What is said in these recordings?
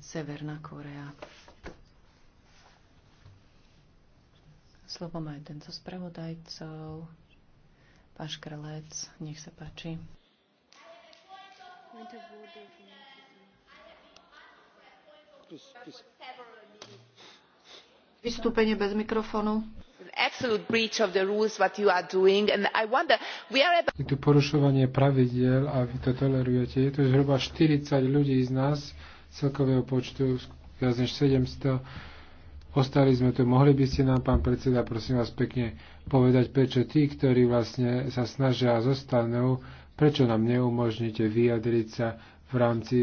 Severná Korea. Slovo má jeden zo spravodajcov. Pán Škrelec, nech sa páči. Vystúpenie bez mikrofónu. Je tu porušovanie pravidel a vy to tolerujete. Je tu zhruba 40 ľudí z nás, celkového počtu viac než 700. Ostali sme tu. Mohli by ste nám, pán predseda, prosím vás pekne povedať, prečo tí, ktorí vlastne sa snažia a zostanú, prečo nám neumožníte vyjadriť sa v rámci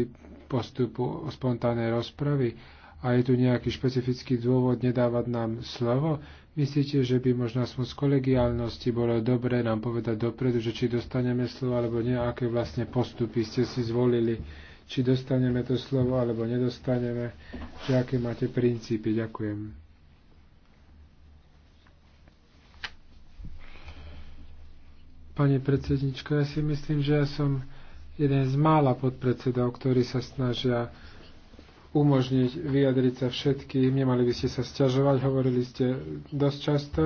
postupu spontánnej rozpravy? A je tu nejaký špecifický dôvod nedávať nám slovo? Myslíte, že by možno aspoň z kolegiálnosti bolo dobré nám povedať dopredu, že či dostaneme slovo alebo nie, aké vlastne postupy ste si zvolili? či dostaneme to slovo alebo nedostaneme, že aké máte princípy. Ďakujem. Pani predsednička, ja si myslím, že ja som jeden z mála podpredsedov, ktorí sa snažia umožniť vyjadriť sa všetkým. Nemali by ste sa sťažovať, hovorili ste dosť často.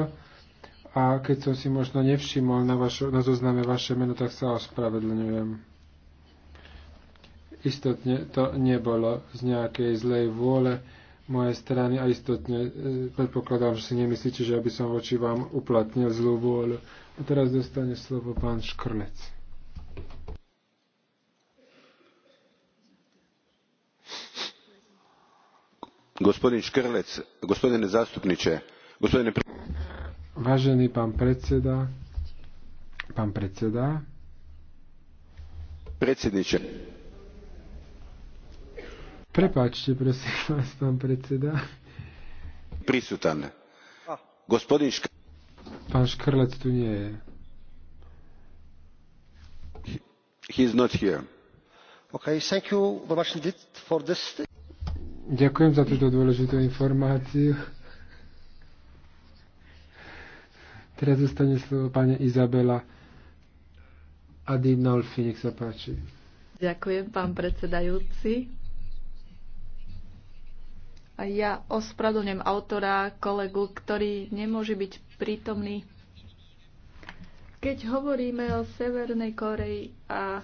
A keď som si možno nevšimol na, vašo, na zozname vaše meno, tak sa ospravedlňujem. Istotne to nebolo z nejakej zlej vôle mojej strany a istotne e, predpokladám, že si nemyslíte, že aby som voči vám uplatnil zlú vôľu. A teraz dostane slovo pán Škrlec. Gospodin Škrlec, gospodine zastupniče, gospodine... Vážený pán predseda, pán predseda. predsedniče, Prepáčte, prosím vás, pán predseda. Prisutan. Gospodin Šk- Pán Škrlec tu nie je. He's not here. Okay, thank you very much indeed for this. Ďakujem za túto dôležitú informáciu. Teraz zostane slovo pani Izabela Adinolfi, nech sa páči. Ďakujem, pán predsedajúci. Ja ospravedlňujem autora, kolegu, ktorý nemôže byť prítomný. Keď hovoríme o Severnej Koreji a,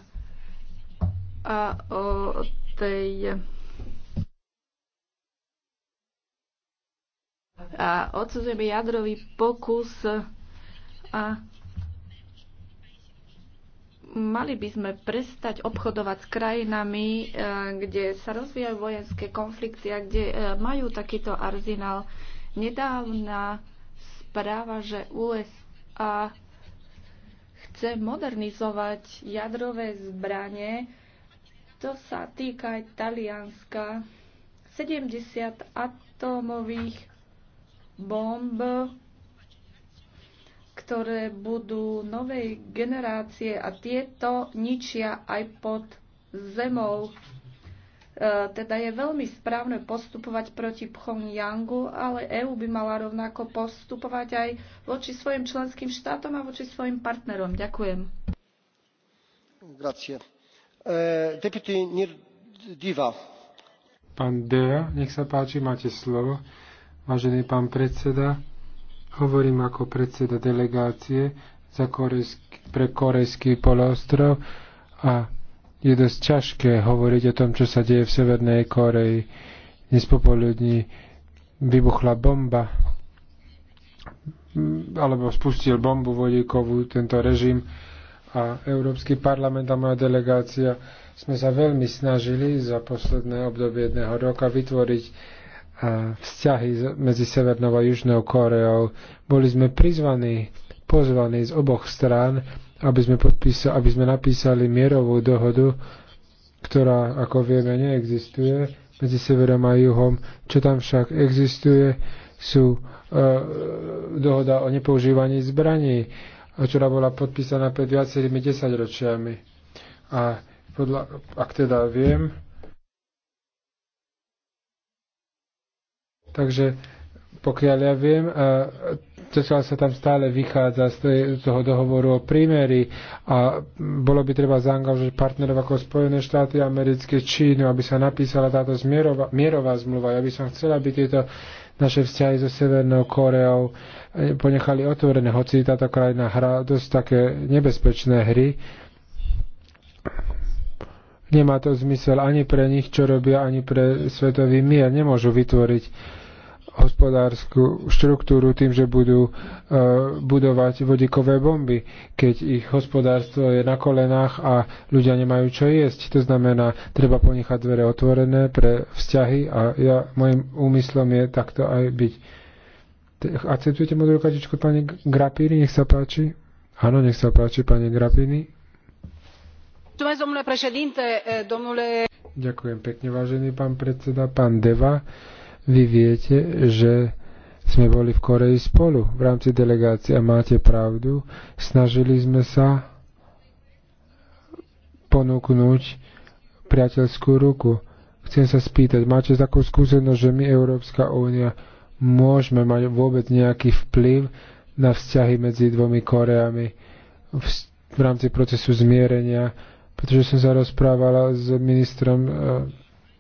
a o tej a odsudzujeme jadrový pokus a mali by sme prestať obchodovať s krajinami, e, kde sa rozvíjajú vojenské konflikty a kde e, majú takýto arzinál. Nedávna správa, že USA chce modernizovať jadrové zbranie, to sa týka aj Talianska. 70 atómových bomb ktoré budú novej generácie a tieto ničia aj pod zemou. E, teda je veľmi správne postupovať proti Pchongyangu, ale EÚ by mala rovnako postupovať aj voči svojim členským štátom a voči svojim partnerom. Ďakujem. Grazie. E, deputy Diva. Pán Dea, nech sa páči, máte slovo. Vážený pán predseda, Hovorím ako predseda delegácie za korejský, pre Korejský polostrov a je dosť ťažké hovoriť o tom, čo sa deje v Severnej Koreji. Dnes popoludní vybuchla bomba alebo spustil bombu vodíkovú tento režim a Európsky parlament a moja delegácia sme sa veľmi snažili za posledné obdobie jedného roka vytvoriť vzťahy medzi Severnou a Južnou Koreou. Boli sme prizvaní, pozvaní z oboch strán, aby sme, podpísa- aby sme napísali mierovú dohodu, ktorá, ako vieme, neexistuje medzi severom a juhom. Čo tam však existuje, sú e, dohoda o nepoužívaní zbraní, ktorá bola podpísaná pred viacerými desaťročiami. A podľa, ak teda viem, Takže pokiaľ ja viem, zatiaľ sa tam stále vychádza z toho dohovoru o prímeri a bolo by treba zaangažovať partnerov ako Spojené štáty americké, Čínu, aby sa napísala táto zmierová, mierová zmluva. Ja by som chcela, aby tieto naše vzťahy so Severnou Koreou e, ponechali otvorené, hoci táto krajina hrá dosť také nebezpečné hry. Nemá to zmysel ani pre nich, čo robia, ani pre svetový mier. Nemôžu vytvoriť hospodárskú štruktúru tým, že budú e, budovať vodíkové bomby, keď ich hospodárstvo je na kolenách a ľudia nemajú čo jesť. To znamená, treba ponechať dvere otvorené pre vzťahy a ja, môjim úmyslom je takto aj byť. Akceptujete modrú katičku pani Grapíny, nech sa páči? Áno, nech sa páči pani Grapíny. E, Ďakujem pekne, vážený pán predseda, pán Deva. Vy viete, že sme boli v Koreji spolu v rámci delegácie a máte pravdu. Snažili sme sa ponúknuť priateľskú ruku. Chcem sa spýtať, máte takú skúsenosť, že my, Európska únia, môžeme mať vôbec nejaký vplyv na vzťahy medzi dvomi Koreami v, v rámci procesu zmierenia, pretože som sa rozprávala s ministrom eh,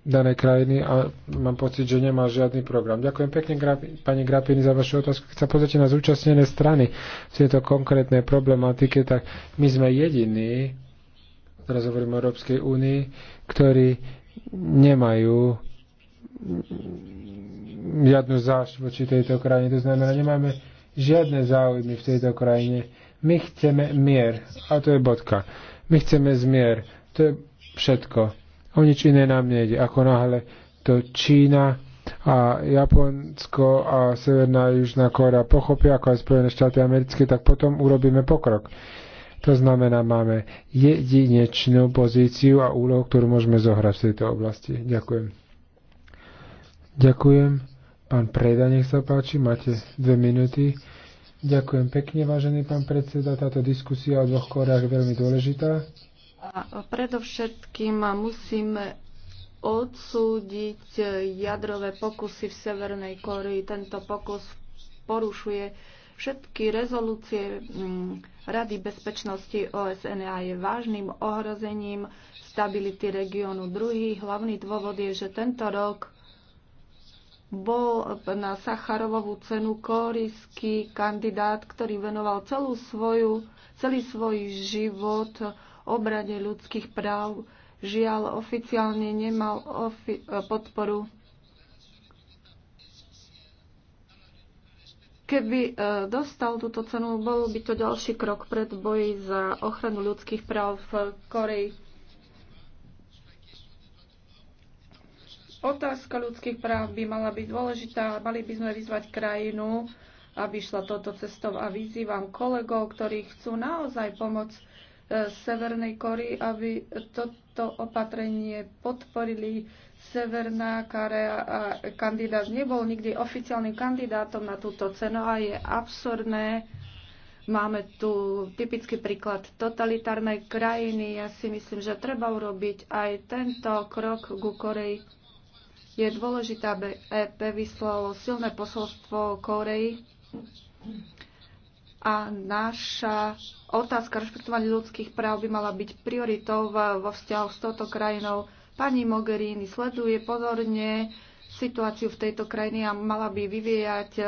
danej krajiny a mám pocit, že nemá žiadny program. Ďakujem pekne, pani Grapini, za vašu otázku. Keď sa pozrite na zúčastnené strany v tejto konkrétnej problematike, tak my sme jediní, teraz hovorím o Európskej únii, ktorí nemajú žiadnu zášť voči tejto krajine. To znamená, nemáme žiadne záujmy v tejto krajine. My chceme mier. A to je bodka. My chceme zmier. To je všetko O nič iné nám nejde. Ako náhle to Čína a Japonsko a Severná a Južná Korea pochopia, ako aj Spojené štáty americké, tak potom urobíme pokrok. To znamená, máme jedinečnú pozíciu a úlohu, ktorú môžeme zohrať v tejto oblasti. Ďakujem. Ďakujem. Pán Preda, nech sa páči, máte dve minúty. Ďakujem pekne, vážený pán predseda. Táto diskusia o dvoch korách je veľmi dôležitá. A predovšetkým musíme odsúdiť jadrové pokusy v Severnej Kórii. Tento pokus porušuje všetky rezolúcie mm, Rady bezpečnosti OSN a je vážnym ohrozením stability regiónu. Druhý hlavný dôvod je, že tento rok bol na Sacharovovú cenu kórijský kandidát, ktorý venoval celú svoju, celý svoj život obrane ľudských práv. Žiaľ, oficiálne nemal ofi- podporu. Keby e, dostal túto cenu, bol by to ďalší krok pred boji za ochranu ľudských práv v Koreji. Otázka ľudských práv by mala byť dôležitá mali by sme vyzvať krajinu, aby šla toto cestou a vyzývam kolegov, ktorí chcú naozaj pomôcť Severnej Kory, aby toto opatrenie podporili. Severná Korea a kandidát nebol nikdy oficiálnym kandidátom na túto cenu a je absurdné. Máme tu typický príklad totalitárnej krajiny. Ja si myslím, že treba urobiť aj tento krok ku Koreji. Je dôležité, aby EP vyslalo silné posolstvo Koreji a naša otázka rešpektovania ľudských práv by mala byť prioritou vo vzťahu s touto krajinou. Pani Mogherini sleduje pozorne situáciu v tejto krajine a mala by vyvíjať e,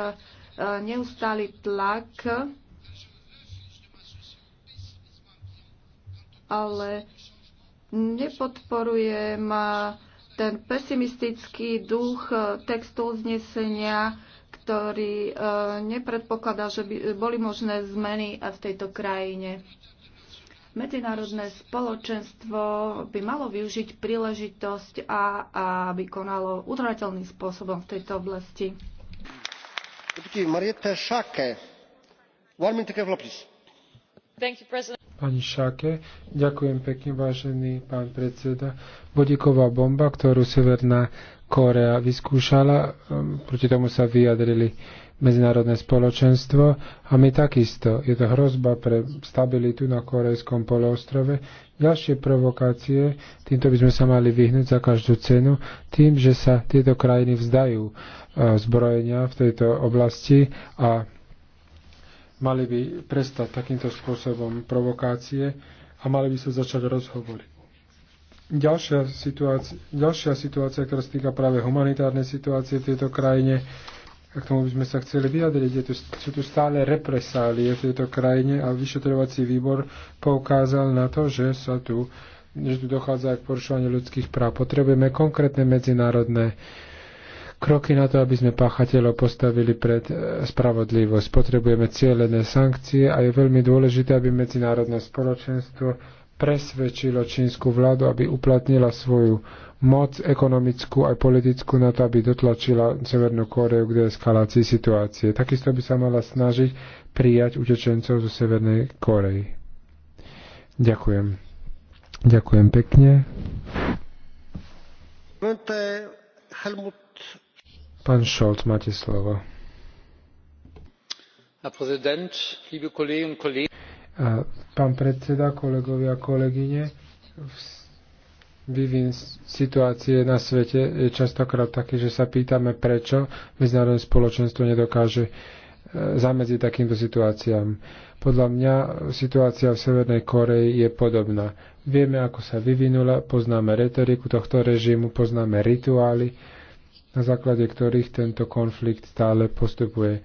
neustály tlak, ale nepodporujem e, ten pesimistický duch e, textu uznesenia, ktorý e, nepredpokladá, že by boli možné zmeny v tejto krajine. Medzinárodné spoločenstvo by malo využiť príležitosť a, aby konalo udržateľným spôsobom v tejto oblasti. Thank you, Pani Šake, ďakujem pekne, vážený pán predseda. Bodiková bomba, ktorú Severná Korea vyskúšala, um, proti tomu sa vyjadrili medzinárodné spoločenstvo a my takisto. Je to hrozba pre stabilitu na Korejskom poloostrove. Ďalšie provokácie, týmto by sme sa mali vyhnúť za každú cenu, tým, že sa tieto krajiny vzdajú uh, zbrojenia v tejto oblasti a Mali by prestať takýmto spôsobom provokácie a mali by sa začať rozhovory. Ďalšia situácia, ďalšia situácia, ktorá sa týka práve humanitárnej situácie v tejto krajine, a k tomu by sme sa chceli vyjadriť. Je tu, sú tu stále represálie v tejto krajine a vyšetrovací výbor poukázal na to, že sa tu že tu dochádza k porušovaniu ľudských práv. Potrebujeme konkrétne medzinárodné uh, kroky na to, aby sme páchateľov postavili pred e, spravodlivosť. Potrebujeme cieľené sankcie a je veľmi dôležité, aby medzinárodné spoločenstvo presvedčilo čínsku vládu, aby uplatnila svoju moc ekonomickú aj politickú na to, aby dotlačila Severnú Kóreu k deeskalácii situácie. Takisto by sa mala snažiť prijať utečencov zo Severnej Kórei. Ďakujem. Ďakujem pekne. Helmut Pán Scholz, máte slovo. Pán predseda, kolegovia a kolegyne, vývin situácie na svete je častokrát taký, že sa pýtame, prečo medzinárodné spoločenstvo nedokáže e, zamedziť takýmto situáciám. Podľa mňa situácia v Severnej Koreji je podobná. Vieme, ako sa vyvinula, poznáme retoriku tohto režimu, poznáme rituály, na základe ktorých tento konflikt stále postupuje.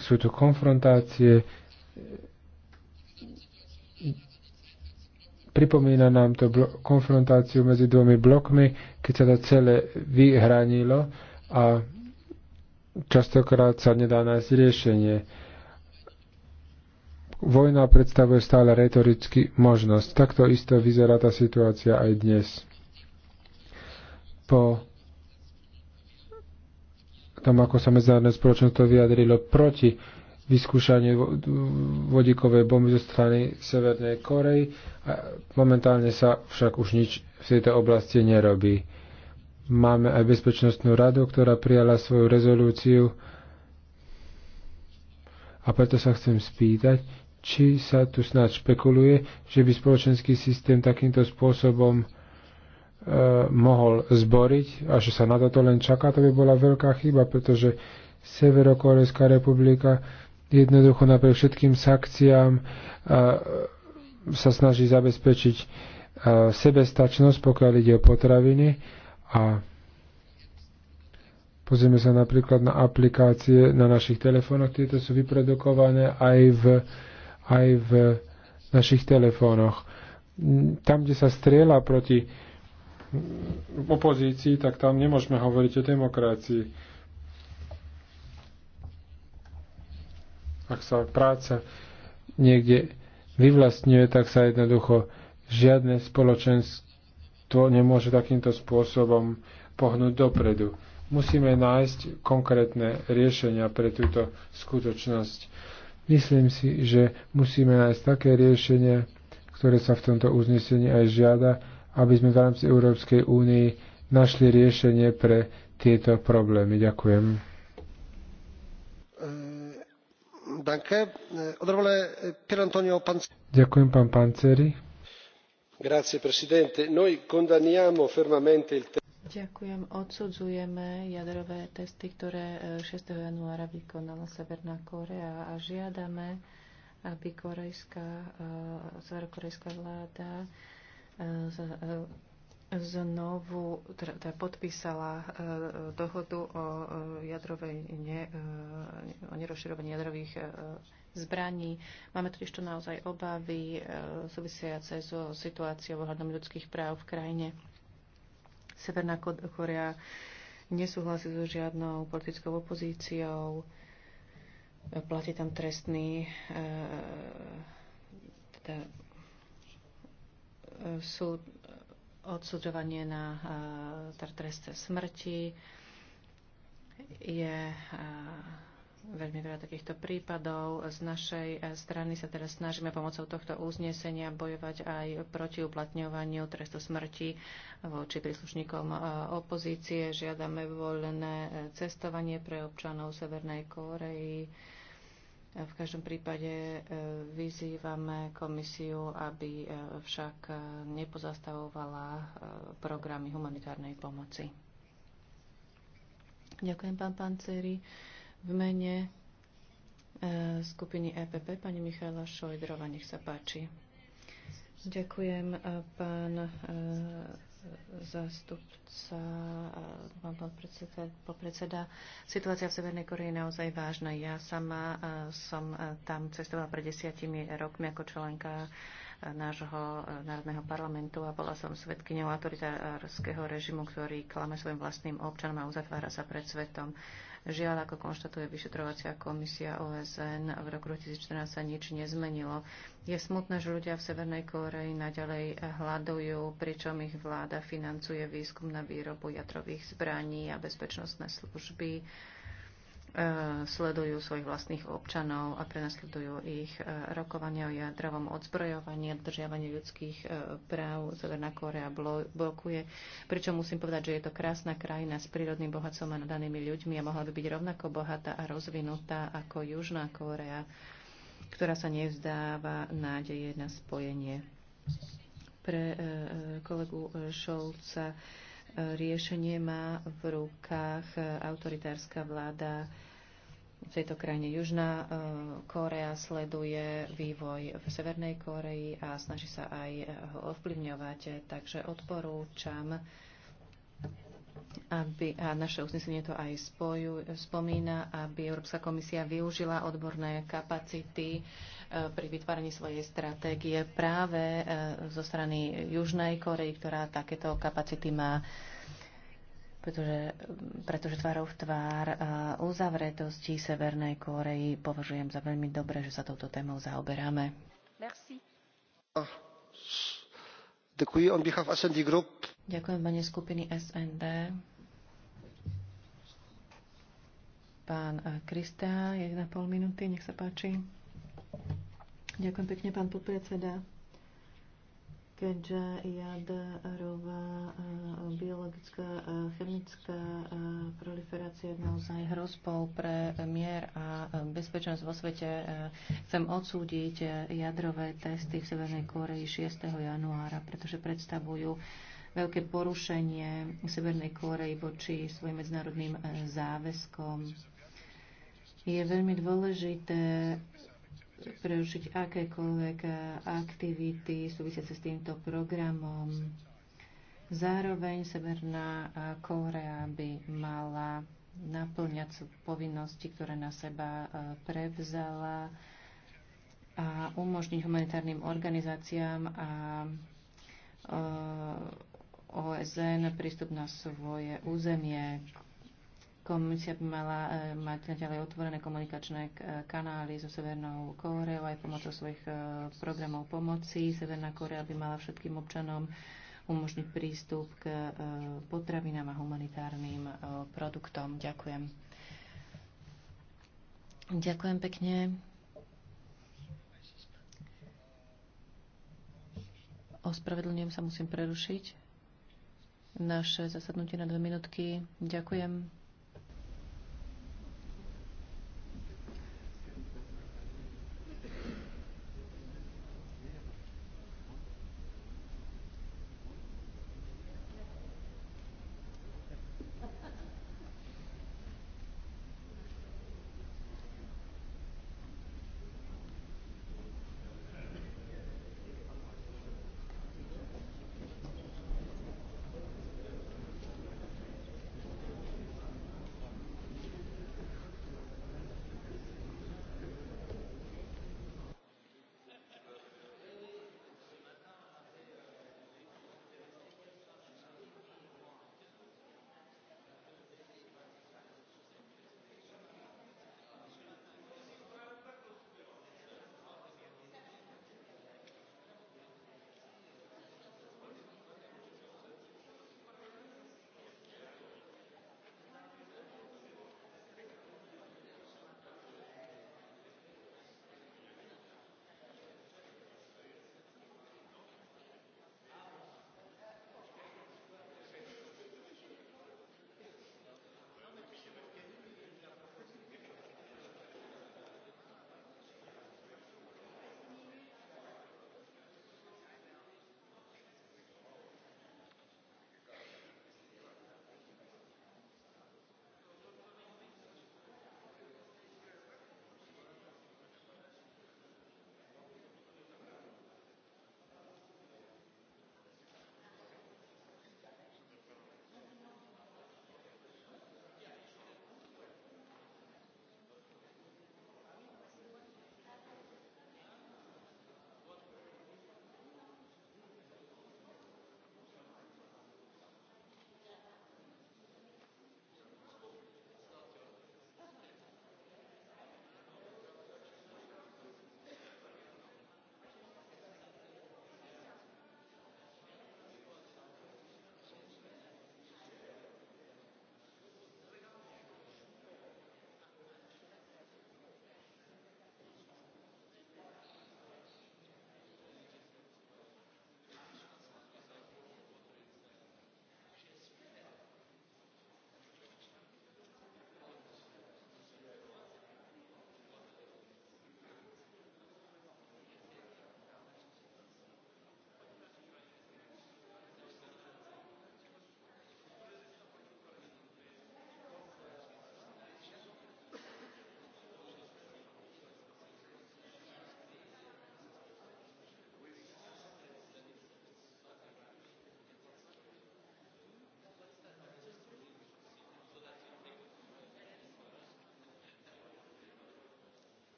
Sú tu konfrontácie, pripomína nám to konfrontáciu medzi dvomi blokmi, keď sa to celé vyhranilo a častokrát sa nedá nájsť riešenie. Vojna predstavuje stále retoricky možnosť. Takto isto vyzerá tá situácia aj dnes po tom, ako sa medzinárodné spoločenstvo vyjadrilo proti vyskúšaniu vodíkovej bomby zo strany Severnej Korei. momentálne sa však už nič v tejto oblasti nerobí. Máme aj Bezpečnostnú radu, ktorá prijala svoju rezolúciu a preto sa chcem spýtať, či sa tu snáď špekuluje, že by spoločenský systém takýmto spôsobom Eh, mohol zboriť a že sa na toto len čaká, to by bola veľká chyba, pretože Severokorejská republika jednoducho napriek všetkým sankciám eh, sa snaží zabezpečiť eh, sebestačnosť, pokiaľ ide o potraviny a pozrieme sa napríklad na aplikácie na našich telefónoch, tieto sú vyprodukované aj v, aj v našich telefónoch. Tam, kde sa strieľa proti v opozícii, tak tam nemôžeme hovoriť o demokracii. Ak sa práca niekde vyvlastňuje, tak sa jednoducho žiadne spoločenstvo nemôže takýmto spôsobom pohnúť dopredu. Musíme nájsť konkrétne riešenia pre túto skutočnosť. Myslím si, že musíme nájsť také riešenie, ktoré sa v tomto uznesení aj žiada, aby sme v rámci Európskej únie našli riešenie pre tieto problémy. Ďakujem. Ďakujem, pán Panceri. Ďakujem. Odsudzujeme jadrové testy, ktoré 6. Eh, januára vykonala Severná Korea a žiadame, aby korejská, eh, severokorejská vláda znovu teda, teda podpísala e, dohodu o e, jadrovej ne, e, o nerozširovaní jadrových zbraní. Máme totiž to naozaj obavy súvisiace so situáciou ohľadom ľudských práv v krajine. Severná Korea nesúhlasí so žiadnou politickou opozíciou, platí tam trestný teda sú odsudzovanie na e, trest smrti. Je e, veľmi veľa takýchto prípadov. Z našej e, strany sa teraz snažíme pomocou tohto uznesenia bojovať aj proti uplatňovaniu trestu smrti voči príslušníkom opozície. Žiadame voľné cestovanie pre občanov Severnej Kórei v každom prípade e, vyzývame komisiu, aby e, však e, nepozastavovala programy humanitárnej pomoci. Ďakujem, pán Panceri. V mene skupiny EPP pani Michaela Šojdrova, nech sa páči. Ďakujem, pán zástupca, pán podpredseda, podpredseda. Situácia v Severnej Koreji je naozaj vážna. Ja sama som tam cestovala pred desiatimi rokmi ako členka nášho národného parlamentu a bola som svetkyňou autoritárskeho režimu, ktorý klame svojim vlastným občanom a uzatvára sa pred svetom. Žiaľ, ako konštatuje vyšetrovacia komisia OSN, v roku 2014 sa nič nezmenilo. Je smutné, že ľudia v Severnej Kóreji naďalej hľadujú, pričom ich vláda financuje výskum na výrobu jadrových zbraní a bezpečnostné služby Eh, sledujú svojich vlastných občanov a prenasledujú ich eh, rokovania o jadrovom odzbrojovaní a dodržiavaní ľudských eh, práv. Severná Kórea blokuje. Pričom musím povedať, že je to krásna krajina s prírodným bohatstvom a nadanými ľuďmi a mohla by byť rovnako bohatá a rozvinutá ako Južná Kórea, ktorá sa nevzdáva nádeje na spojenie. Pre kolegu Šolca riešenie má v rukách autoritárska vláda v tejto krajine. Južná eh, Kórea sleduje vývoj v Severnej Kóreji a snaží sa aj ho ovplyvňovať. Takže odporúčam aby, a naše uznesenie to aj spoju, spomína, aby Európska komisia využila odborné kapacity e, pri vytváraní svojej stratégie práve e, zo strany Južnej Korei, ktorá takéto kapacity má pretože, pretože tvárov tvár e, uzavretosti Severnej Kórei považujem za veľmi dobré, že sa touto témou zaoberáme. Merci. Ah. Ďakujem mene skupiny SND. Pán eh, Krista, 1,5 minúty, nech sa páči. Ďakujem pekne, pán podpredseda keďže rová e, biologická e, chemická e, proliferácia je naozaj hrozbou pre mier a bezpečnosť vo svete. Chcem odsúdiť jadrové testy v Severnej Koreji 6. januára, pretože predstavujú veľké porušenie Severnej Koreji voči svojim medzinárodným záväzkom. Je veľmi dôležité prerušiť akékoľvek eh, aktivity súvisiace s týmto programom. Zároveň Severná eh, Kórea by mala naplňať povinnosti, ktoré na seba eh, prevzala a umožniť humanitárnym organizáciám a OSN prístup na svoje územie. Komisia by mala e, mať naďalej otvorené komunikačné e, kanály so Severnou Kóreou aj pomocou svojich e, programov pomoci. Severná Kórea by mala všetkým občanom umožniť prístup k potravinám a humanitárnym produktom. Ďakujem. Ďakujem pekne. Ospravedlňujem sa, musím prerušiť naše zasadnutie na dve minútky. Ďakujem.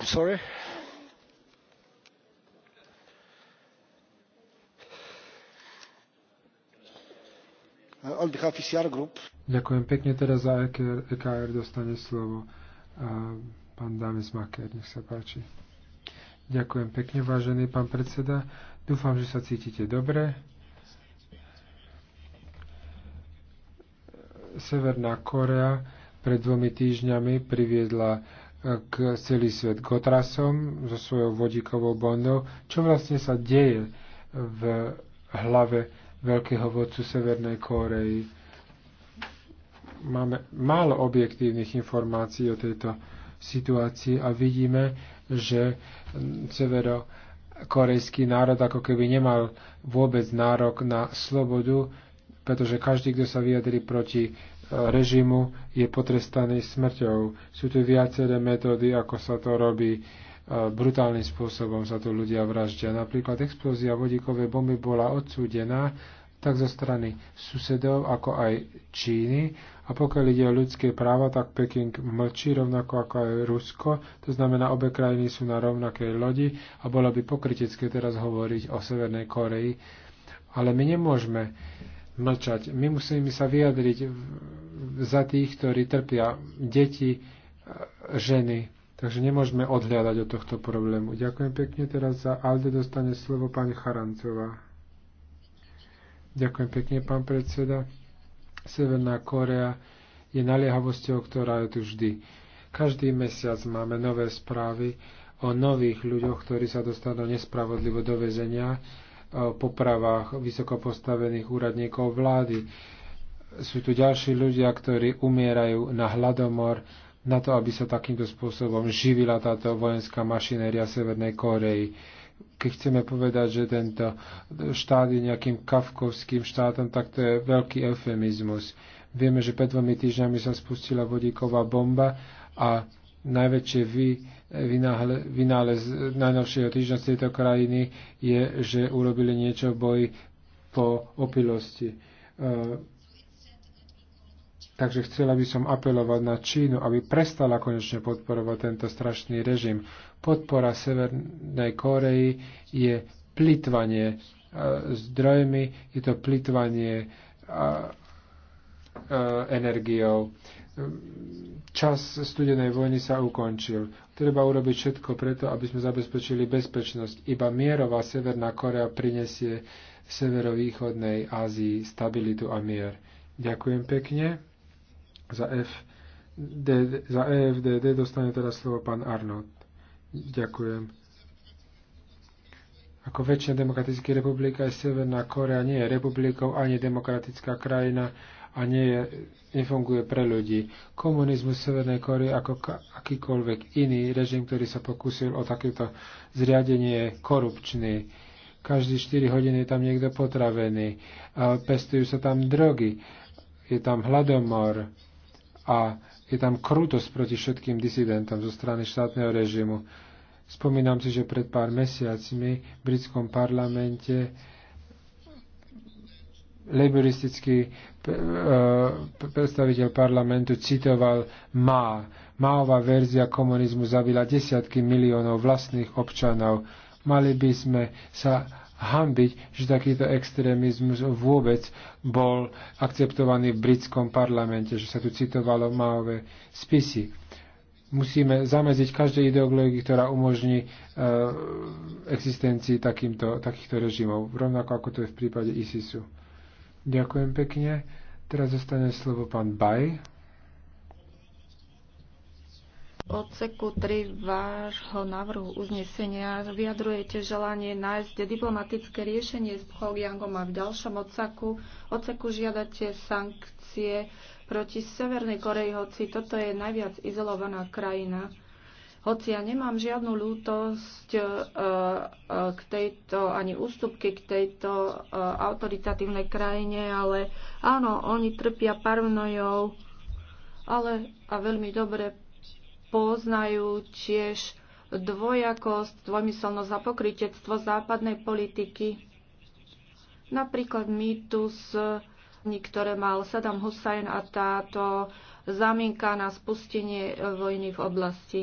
i'm sorry. Ďakujem pekne. Teraz za EKR, EKR dostane slovo pán Davis Maker. Nech sa páči. Ďakujem pekne, vážený pán predseda. Dúfam, že sa cítite dobre. Severná Korea pred dvomi týždňami priviedla E, k celý svet Gotrasom so svojou vodíkovou bondou. Čo vlastne sa deje v hlave veľkého vodcu Severnej Kórei? Máme málo objektívnych informácií o tejto situácii a vidíme, že severo korejský národ ako keby nemal vôbec nárok na slobodu, pretože každý, kto sa vyjadri proti režimu je potrestaný smrťou. Sú tu viaceré metódy, ako sa to robí. E, brutálnym spôsobom sa tu ľudia vraždia. Napríklad explózia vodíkovej bomby bola odsúdená tak zo strany susedov, ako aj Číny. A pokiaľ ide o ľudské práva, tak Peking mlčí, rovnako ako aj Rusko. To znamená, obe krajiny sú na rovnakej lodi a bolo by pokritecké teraz hovoriť o Severnej Koreji. Ale my nemôžeme mlčať. My musíme sa vyjadriť za tých, ktorí trpia deti, e, ženy. Takže nemôžeme odhľadať od tohto problému. Ďakujem pekne. Teraz za Alde dostane slovo pani Charancová. Ďakujem pekne, pán predseda. Severná Korea je naliehavosťou, ktorá je tu vždy. Každý mesiac máme nové správy o nových ľuďoch, ktorí sa dostanú nespravodlivo do väzenia, e, o popravách vysokopostavených úradníkov vlády sú tu ďalší ľudia, ktorí umierajú na hladomor, na to, aby sa takýmto spôsobom živila táto vojenská mašinéria Severnej Koreji. Keď chceme povedať, že tento štát je nejakým kafkovským štátom, tak to je veľký eufemizmus. Vieme, že pred dvomi týždňami sa spustila vodíková bomba a najväčšie vy, vynáhle, vynález najnovšieho týždňa z tejto krajiny je, že urobili niečo v boji po opilosti e, Takže chcela by som apelovať na Čínu, aby prestala konečne podporovať tento strašný režim. Podpora Severnej Koreji je plitvanie e, zdrojmi, je to plitvanie e, e, energiou. Čas studenej vojny sa ukončil. Treba urobiť všetko preto, aby sme zabezpečili bezpečnosť. Iba mierová Severná Korea prinesie severovýchodnej Ázii stabilitu a mier. Ďakujem pekne. Za, F, D, za e, D dostane teraz slovo pán Arnold. Ďakujem. Ako väčšina demokratických republik aj Severná Korea nie je republikou ani demokratická krajina a nie je, nefunguje pre ľudí. Komunizmus Severnej Koreje ako akýkoľvek iný režim, ktorý sa pokusil o takéto zriadenie, je korupčný. Každý 4 hodiny je tam niekto potravený. Pestujú sa tam drogy. Je tam hladomor a je tam krutosť proti všetkým disidentom zo strany štátneho režimu. Spomínam si, že pred pár mesiacmi v britskom parlamente laboristický e, predstaviteľ parlamentu citoval Má. Máová verzia komunizmu zabila desiatky miliónov vlastných občanov. Mali by sme sa hambiť, že takýto extrémizmus vôbec bol akceptovaný v britskom parlamente, že sa tu citovalo Maové spisy. Musíme zamedziť každej ideológii, ktorá umožní e, existencii takýmto, takýchto režimov, rovnako ako to je v prípade ISISu. Ďakujem pekne. Teraz zostane slovo pán Baj odseku 3 vášho návrhu uznesenia vyjadrujete želanie nájsť diplomatické riešenie s Pyongyangom a v ďalšom odseku, odseku žiadate sankcie proti Severnej Koreji, hoci toto je najviac izolovaná krajina. Hoci ja nemám žiadnu lútosť e, e, k tejto, ani ústupky k tejto e, autoritatívnej krajine, ale áno, oni trpia parvnojou, ale a veľmi dobre poznajú tiež dvojakosť, dvojmyselnosť a pokrytectvo západnej politiky. Napríklad mýtus, eh, ktoré mal Saddam Hussein a táto zamienka na spustenie eh, vojny v oblasti.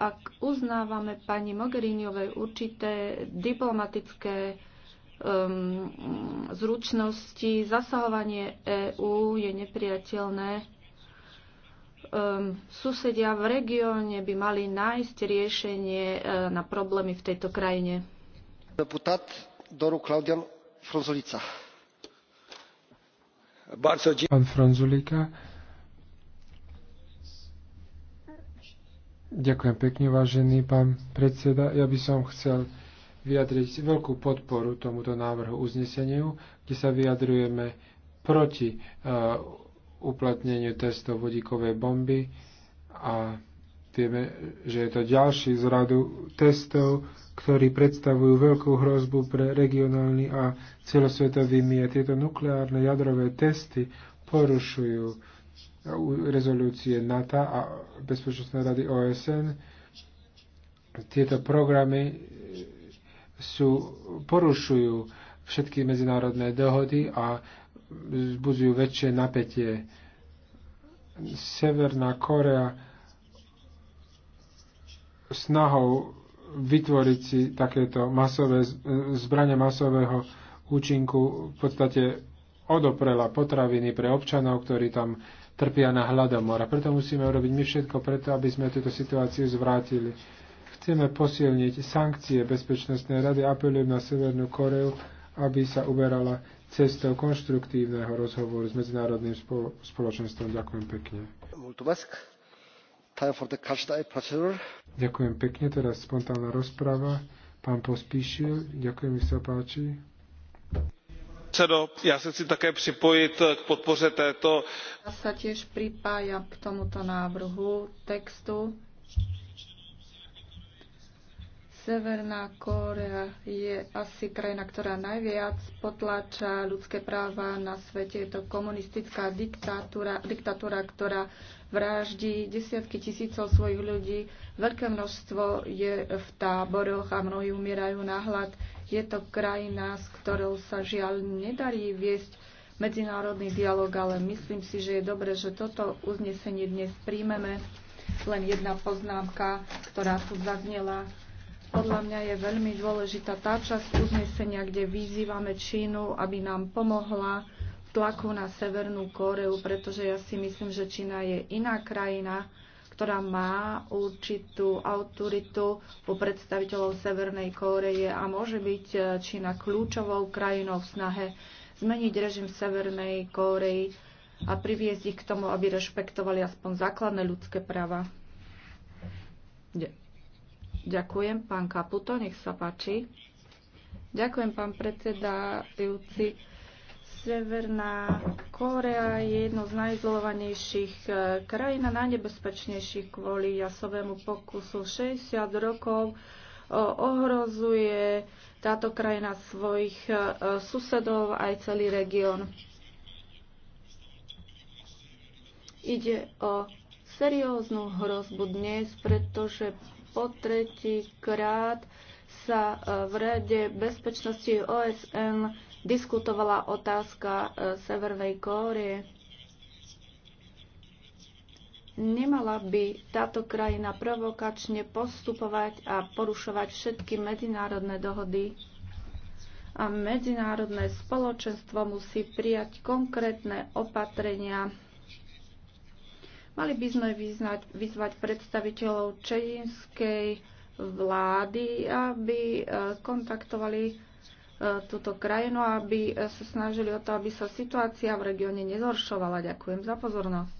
Ak uznávame pani Mogheriniovej určité diplomatické um, zručnosti, zasahovanie EÚ je nepriateľné um, susedia v regióne by mali nájsť riešenie uh, na problémy v tejto krajine. Deputát Doru Klaudian Fronzulica. Pán Fronzulika. Ďakujem pekne, vážený pán predseda. Ja by som chcel vyjadriť veľkú podporu tomuto návrhu uzneseniu, kde sa vyjadrujeme proti uh, uplatneniu testov vodíkovej bomby a vieme, že je to ďalší z radu testov, ktorí predstavujú veľkú hrozbu pre regionálny a celosvetový mier. Tieto nukleárne jadrové testy porušujú rezolúcie NATO a Bezpečnostnej rady OSN. Tieto programy sú, porušujú všetky medzinárodné dohody a vzbudzujú väčšie napätie. Severná Korea snahou vytvoriť si takéto masové zbranie masového účinku v podstate odoprela potraviny pre občanov, ktorí tam trpia na hladomor. A preto musíme urobiť my všetko preto, aby sme túto situáciu zvrátili. Chceme posilniť sankcie Bezpečnostnej rady. Apelujem na Severnú Koreu, aby sa uberala cestou konštruktívneho rozhovoru s medzinárodným spoločenstvom. Ďakujem pekne. Ďakujem pekne, teraz spontánna rozprava. Pán Pospíšil, ďakujem, mi sa páči ja sa chcem také pripojiť k podpoře této. ja sa tiež pripájam k tomuto návrhu textu Severná Kórea je asi krajina, ktorá najviac potláča ľudské práva na svete. Je to komunistická diktatúra, diktatúra ktorá vraždí desiatky tisícov svojich ľudí. Veľké množstvo je v táboroch a mnohí umierajú na hlad. Je to krajina, s ktorou sa žiaľ nedarí viesť medzinárodný dialog, ale myslím si, že je dobre, že toto uznesenie dnes príjmeme. Len jedna poznámka, ktorá tu zaznela podľa mňa je veľmi dôležitá tá časť uznesenia, kde vyzývame Čínu, aby nám pomohla v tlaku na Severnú Kóreu, pretože ja si myslím, že Čína je iná krajina, ktorá má určitú autoritu u predstaviteľov Severnej Kóreje a môže byť e, Čína kľúčovou krajinou v snahe zmeniť režim Severnej Kóreji a priviesť ich k tomu, aby rešpektovali aspoň základné ľudské práva. Ďakujem, pán Kaputo, nech sa páči. Ďakujem, pán predsedajúci. Severná Korea je jedno z najizolovanejších e, krajín a najnebezpečnejších kvôli jasovému pokusu. 60 rokov e, ohrozuje táto krajina svojich e, susedov aj celý región. Ide o serióznu hrozbu dnes, pretože po tretí krát sa e, v Rade bezpečnosti OSN diskutovala otázka e, Severnej Kórie. Nemala by táto krajina provokačne postupovať a porušovať všetky medzinárodné dohody a medzinárodné spoločenstvo musí prijať konkrétne opatrenia Mali by sme vyznať, vyzvať predstaviteľov čejinskej vlády, aby e, kontaktovali e, túto krajinu, aby e, sa snažili o to, aby sa situácia v regióne nezhoršovala. Ďakujem za pozornosť.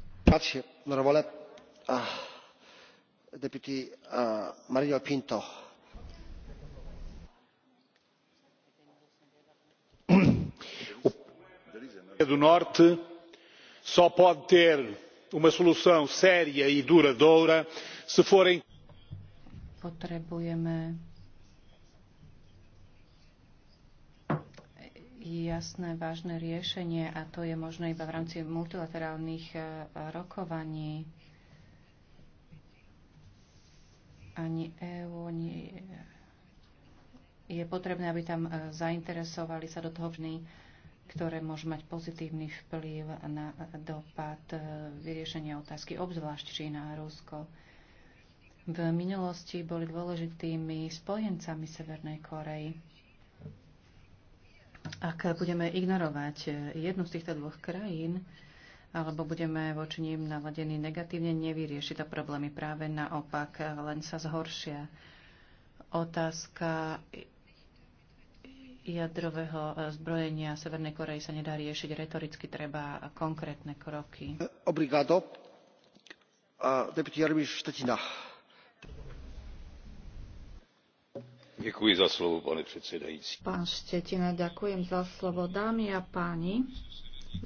do norte só pode ter uma solução séria e duradoura se forem potrebujeme jasné, vážne riešenie a to je možné iba v rámci multilaterálnych e, rokovaní. Ani EU, ani e je potrebné, aby tam e, zainteresovali sa do toho ktoré môžu mať pozitívny vplyv na dopad e, vyriešenia otázky, obzvlášť Čína a Rusko. V minulosti boli dôležitými spojencami Severnej Korei. Ak budeme ignorovať e, jednu z týchto dvoch krajín, alebo budeme voči ním naladení negatívne, nevyrieši to problémy. Práve naopak, len sa zhoršia. Otázka jadrového e, zbrojenia Severnej Korei sa nedá riešiť retoricky, treba konkrétne kroky. Obrigado. Deputy Jaromír Štetina. Děkuji za slovo, pane předsedající. Pán Štetina, ďakujem za slovo. Dámy a páni,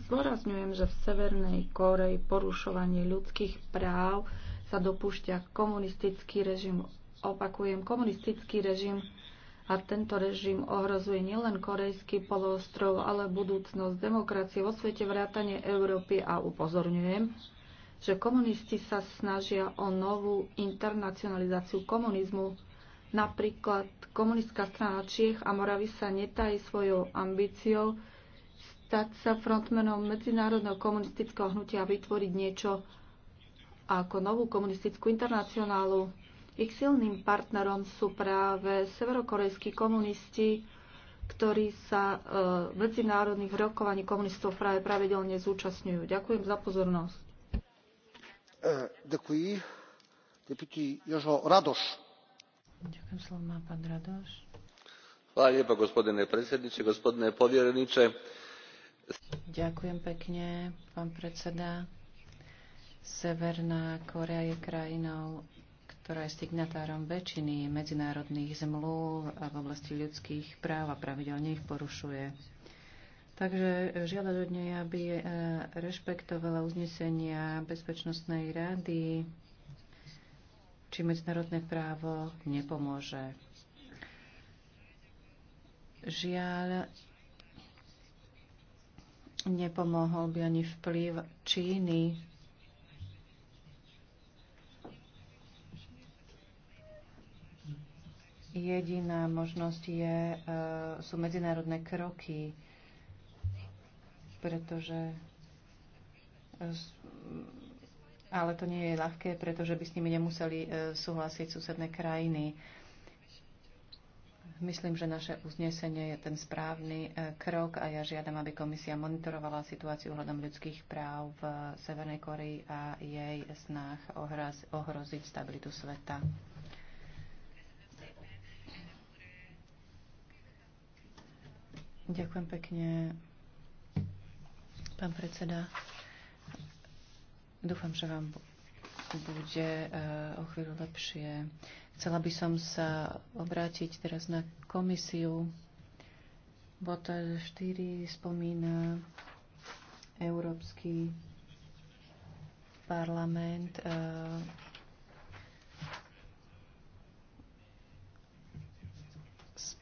zdôrazňujem, že v Severnej Koreji porušovanie ľudských práv sa dopúšťa komunistický režim. Opakujem, komunistický režim a tento režim ohrozuje nielen korejský poloostrov, ale budúcnosť demokracie vo svete vrátane Európy a upozorňujem, že komunisti sa snažia o novú internacionalizáciu komunizmu. Napríklad komunistická strana Čiech a Moravy sa netají svojou ambíciou stať sa frontmenom medzinárodného komunistického hnutia a vytvoriť niečo ako novú komunistickú internacionálu. Ich silným partnerom sú práve severokorejskí komunisti, ktorí sa v e, medzinárodných rokovaní komunistov práve pravidelne zúčastňujú. Ďakujem za pozornosť. E, Ďakujem. Deputy Jožo Radoš. Ďakujem slovo má pán Radoš. Hvala lijepa gospodine predsjedniče, gospodine povjereniče. Ďakujem pekne, pán predseda. Severná Korea je krajinou ktorá je signatárom väčšiny medzinárodných zmluv a v oblasti ľudských práv a pravidelne ich porušuje. Takže žiadať od nej, aby e, rešpektovala uznesenia Bezpečnostnej rady, či medzinárodné právo nepomôže. Žiaľ, nepomohol by ani vplyv Číny Jediná možnosť je, e, sú medzinárodné kroky, pretože e, ale to nie je ľahké, pretože by s nimi nemuseli e, súhlasiť susedné krajiny. Myslím, že naše uznesenie je ten správny krok a ja žiadam, aby komisia monitorovala situáciu ohľadom ľudských práv v Severnej Koreji a jej snách ohroziť stabilitu sveta. Ďakujem pekne, pán predseda. Dúfam, že vám bude eh, o chvíľu lepšie. Chcela by som sa obrátiť teraz na komisiu. bota 4 spomína Európsky parlament eh,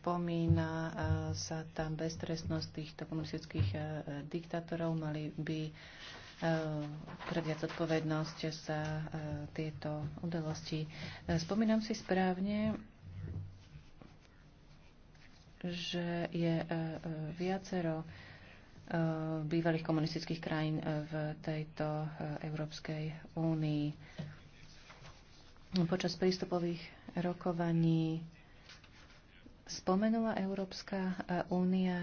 spomína eh, sa tam beztrestnosť týchto komunistických eh, diktátorov. Mali by previac eh, odpovednosť za tieto udalosti. Spomínam si správne, že je viacero bývalých komunistických krajín v tejto Európskej únii. Počas prístupových rokovaní spomenula Európska e, únia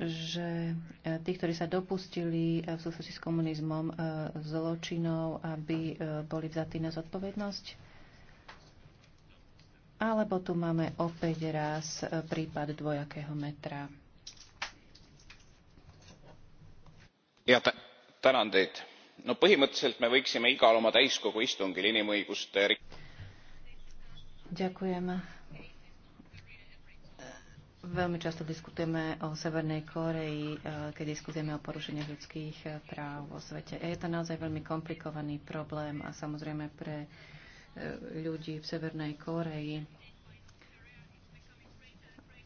že e, tí, ktorí sa dopustili e, v súvislosti s komunizmom zločinov, aby boli vzatí na zodpovednosť? Alebo tu máme opäť raz prípad dvojakého metra? Ja ta- no põhimõtteliselt me võiksime igal oma täiskogu istungil inimõiguste Ďakujem. Veľmi často diskutujeme o Severnej Koreji, eh, keď diskutujeme o porušeniach ľudských eh, práv vo svete. Je to naozaj veľmi komplikovaný problém a samozrejme pre eh, ľudí v Severnej Koreji.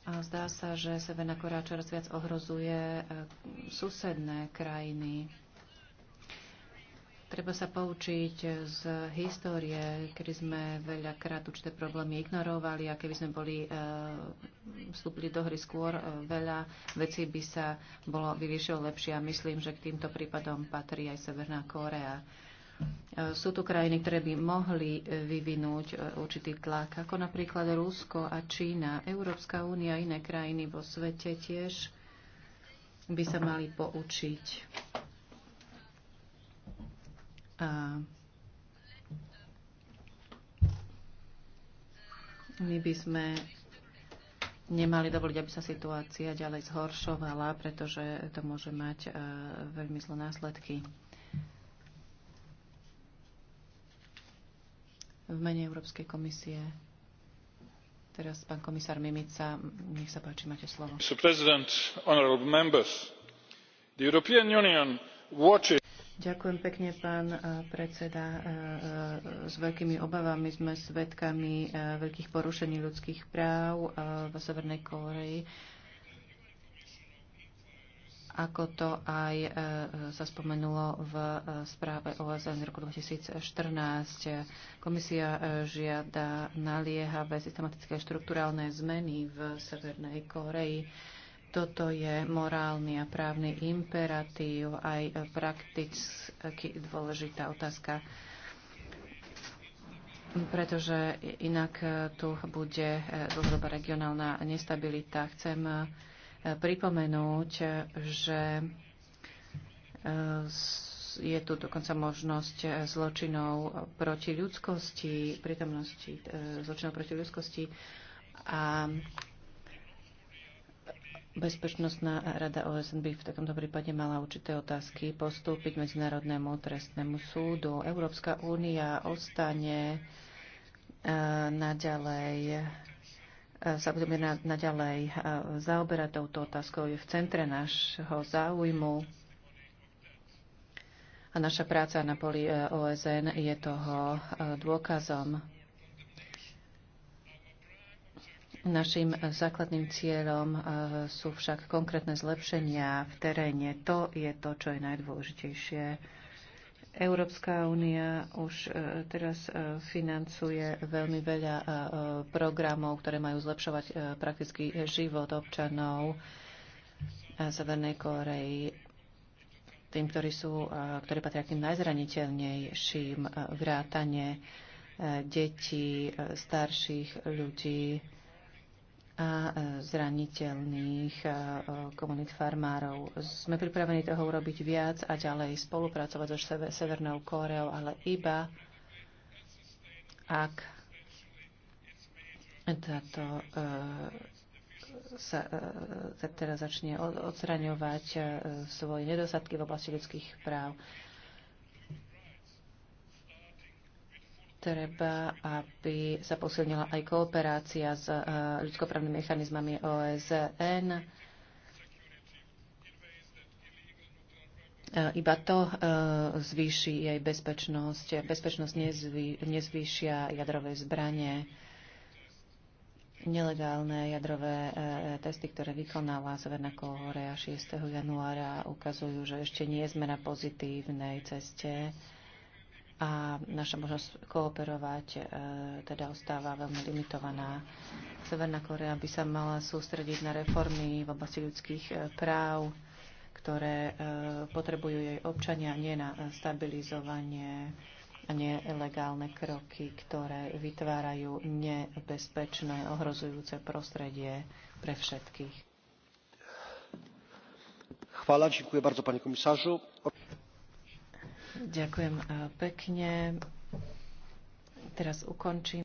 A zdá sa, že Severná Korea čoraz viac ohrozuje susedné krajiny Treba sa poučiť z histórie, kedy sme veľakrát určité problémy ignorovali a keby sme boli e, vstúpili do hry skôr, e, veľa vecí by sa bolo vyriešilo lepšie a myslím, že k týmto prípadom patrí aj Severná Kórea. E, sú tu krajiny, ktoré by mohli vyvinúť určitý tlak, ako napríklad Rusko a Čína. Európska únia a iné krajiny vo svete tiež by sa mali poučiť a my by sme nemali dovoliť, aby sa situácia ďalej zhoršovala, pretože to môže mať uh, veľmi zlé následky. V mene Európskej komisie. Teraz pán komisár Mimica, nech sa páči, máte slovo. Mr. President, honorable members, the European Union watches Ďakujem pekne, pán eh, predseda. Eh, eh, s veľkými obavami sme svedkami veľkých porušení ľudských práv v Severnej Koreji, ako to aj sa spomenulo v správe OSN z roku 2014. Komisia žiada naliehavé systematické štruktúrálne zmeny v Severnej Koreji toto je morálny a právny imperatív, aj prakticky dôležitá otázka, pretože inak tu bude dlhodobá regionálna nestabilita. Chcem eh, pripomenúť, že eh, je tu dokonca možnosť eh, zločinov proti ľudskosti, prítomnosti zločinov proti ľudskosti a Bezpečnostná rada OSN by v takomto prípade mala určité otázky postúpiť Medzinárodnému trestnému súdu. Európska únia ostane e, naďalej e, sa budeme naďalej e, zaoberať touto otázkou. Je v centre nášho záujmu a naša práca na poli OSN je toho dôkazom. Našim základným cieľom e, sú však konkrétne zlepšenia v teréne. To je to, čo je najdôležitejšie. Európska únia už e, teraz e, financuje veľmi veľa programov, ktoré majú zlepšovať prakticky život občanov Severnej Koreji, tým, ktorí, sú, ktorí patria k tým najzraniteľnejším vrátane detí, starších ľudí, a e, zraniteľných e, e, komunít farmárov. Sme pripravení toho urobiť viac a ďalej spolupracovať so Severnou Kóreou, ale iba ak táto sa teda začne odstraňovať svoje nedostatky v oblasti ľudských práv. treba, aby sa posilnila aj kooperácia s eh, ľudskoprávnymi mechanizmami OSN. Eh, iba to eh, zvýši jej bezpečnosť. Bezpečnosť nezvý, nezvýšia jadrové zbranie, nelegálne jadrové testy, ktoré vykonala Severná Kórea 6. januára, ukazujú, že ešte nie sme na pozitívnej ceste a naša možnosť kooperovať e, teda ostáva veľmi limitovaná. Severná Korea by sa mala sústrediť na reformy v oblasti ľudských e, práv, ktoré e, potrebujú jej občania, nie na stabilizovanie a nelegálne kroky, ktoré vytvárajú nebezpečné, ohrozujúce prostredie pre všetkých. Chvála, ďakujem bardzo, panie komisarzu. Ďakujem e, pekne. Teraz ukončím.